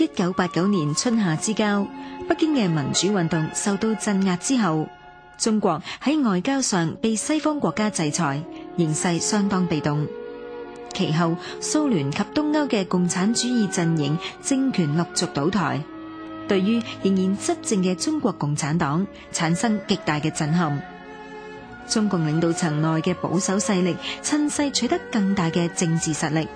一九八九年春夏之交，北京嘅民主運動受到鎮壓之後，中國喺外交上被西方國家制裁，形勢相當被動。其後，蘇聯及東歐嘅共產主義陣營政權陸續續倒台，對於仍然執政嘅中國共產黨產生極大嘅震撼。中共領導層內嘅保守勢力趁勢取得更大嘅政治實力。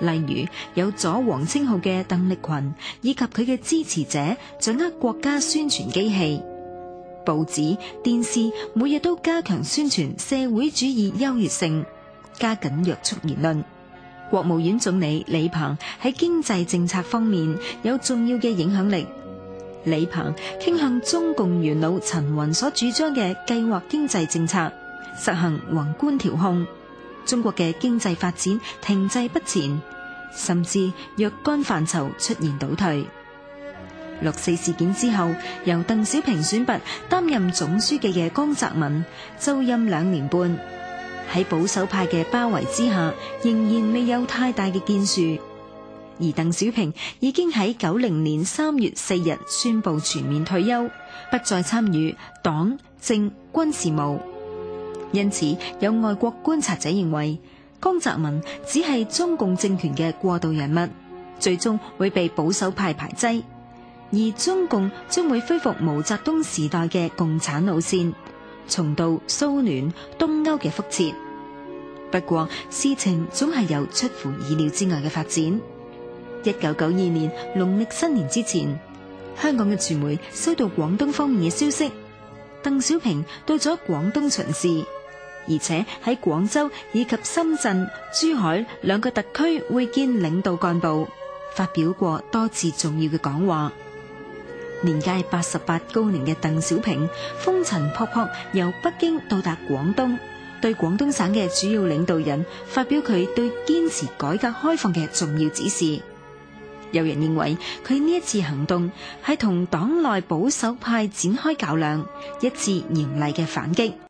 例如有左王稱號嘅鄧力群以及佢嘅支持者掌握國家宣傳機器，報紙、電視每日都加強宣傳社會主義優越性，加緊約束言論。國務院總理李鵬喺經濟政策方面有重要嘅影響力。李鵬傾向中共元老陳雲所主張嘅計劃經濟政策，實行宏觀調控。中國嘅經濟發展停滯不前。甚至若干範疇出現倒退。六四事件之後，由鄧小平選拔擔任總書記嘅江澤民，就任兩年半，喺保守派嘅包圍之下，仍然未有太大嘅建樹。而鄧小平已經喺九零年三月四日宣布全面退休，不再參與黨政軍事務。因此，有外國觀察者認為。江澤民只係中共政權嘅過渡人物，最終會被保守派排擠，而中共將會恢復毛澤東時代嘅共產路線，重蹈蘇聯、東歐嘅覆轍。不過事情總係有出乎意料之外嘅發展。一九九二年農曆新年之前，香港嘅傳媒收到廣東方面嘅消息，鄧小平到咗廣東巡視。而且喺廣州以及深圳、珠海兩個特區會見領導幹部，發表過多次重要嘅講話。年屆八十八高齡嘅鄧小平風塵僕僕由北京到達廣東，對廣東省嘅主要領導人發表佢對堅持改革開放嘅重要指示。有人認為佢呢一次行動係同黨內保守派展開較量，一次嚴厲嘅反擊。